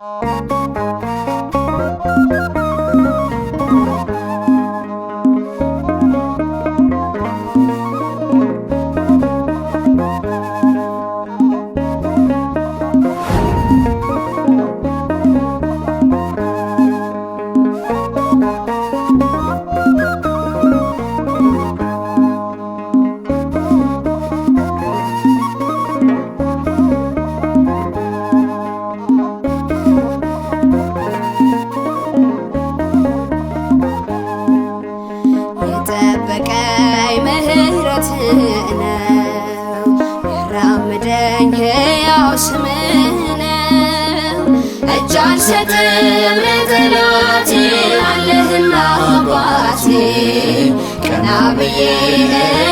Thank you. ነው ያራምደኝ ሕያው ስምህ ነው። እጅ አልሰጥም ለጠላቴ አለህና አባቴ ቀና ብዬ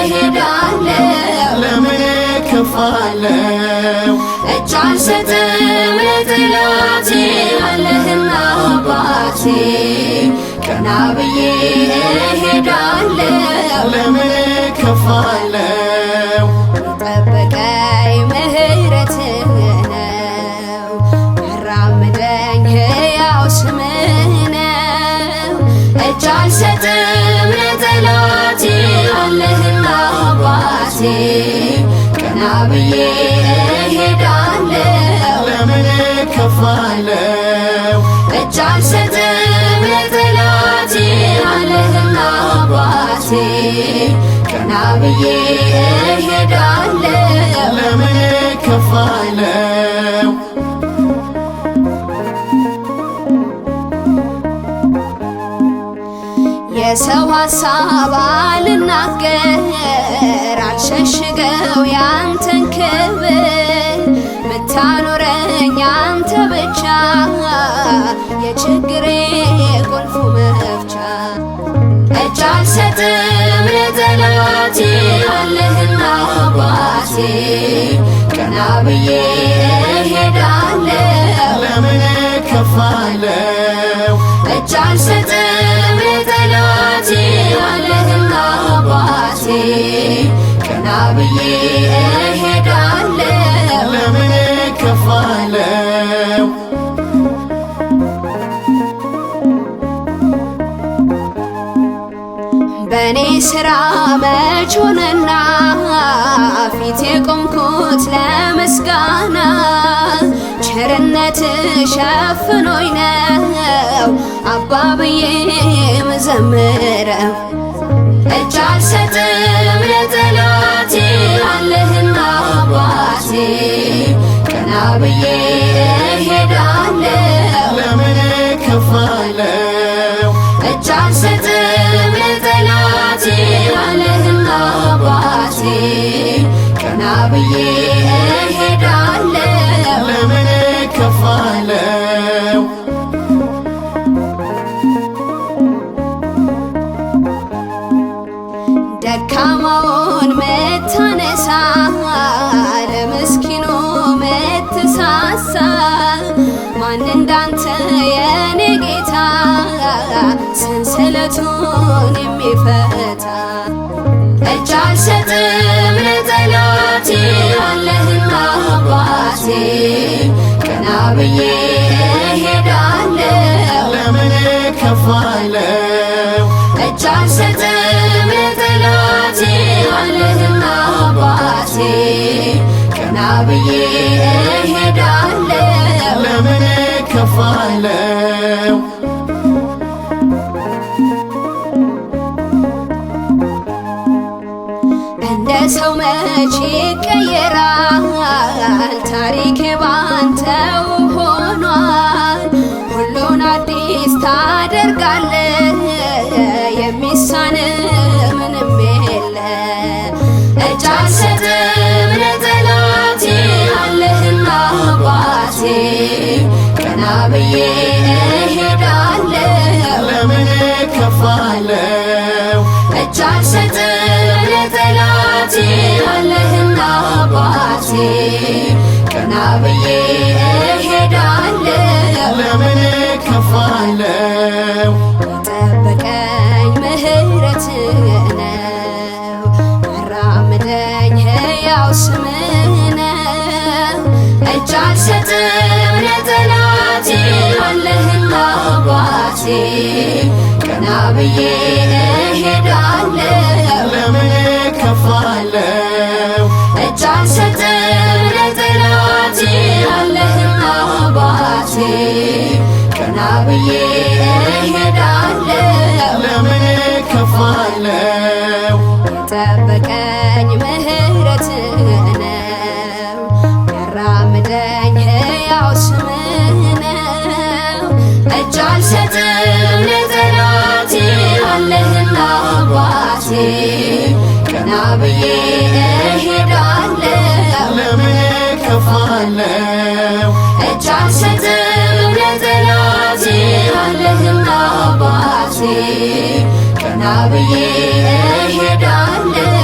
እሄዳለሁ ለምን እከፋለሁ? እጅ አልሰጥም ለጠላቴ አለህና አባቴ ቀና ብዬ እሄዳለሁ ለምን እከፋለሁ? ቀና ብዬ እሄዳለሁ፣ ለምን ከፋለሁ? እጅ አልሰጥም ለጠላቴ አለህና አባቴ። ቀና ብዬ እሄዳለሁ፣ ለምን ከፋለሁ? የሰው ሀሳብ አልናገር ሸሽገው ያንተን ክብር ምታኖረኝ አንተ ብቻ የችግሬ የቁልፉ መፍቻ እጅ አልሰጥም ለጠላቴ አለህና አባቴ ቀና ብዬ እሄዳለሁ ለምን እጅ አልሰጥም ቀና ብዬ ለምን ከፋለው በእኔ ስራ መቾንና ፊት የቆምኩት ለምስጋና ቸርነት ሸፍኖኝ ነው አባ ብዬ ምዘምረው እጅ አልሰጥም ለጠላ አለህና አባቴ ቀና ብዬ እሄዳለሁ ለምን ከፋለሁ እጅ አልሰጥም ለጠላቴ አለህና አባቴ ቀና ብዬ እሄዳለሁ ለምን ከፋለሁ ደካማውን ስለቱን የሚፈታ እጅ አልሰጥም ለጠላቴ አለህና አባቴ ቀና ብዬ ሄዳለው ለምን ከፋለው እጅ አልሰጥም ለጠላቴ አለህና አባቴ ቀና ብዬ ሄዳለው ለምን ከፋለው ሰው መች ይቀየራል? ታሪክ ባንተው ሆኗል። ሁሉን አዲስ ታደርጋለህ። የሚሳን ምንም የለ እጅ ለጠላቴ አለህና አባቴ ቀና ብዬ ሕይወቴ አለህና አባቴ ቀና ብዬ እሄዳለሁ ለምን ከፋለሁ የጠበቀኝ ምሕረት ነው ያራመደኝ ሕያው ስምህ ነው እጅ አልሰጥም ለጠላቴ አለህና አባቴ ቀና ብዬ ቀና ብዬ እሄዳለሁ ለምን ከፋለው የጠበቀኝ ምህረት ነው ያራምደኝ ያው ስም ነው እጅ አልሰጥም ለጠላቴ አለህና አባቴ ቀና ብዬ እሄዳለሁ ለምን ከፋለው ቀና ብዬ እሄዳለሁ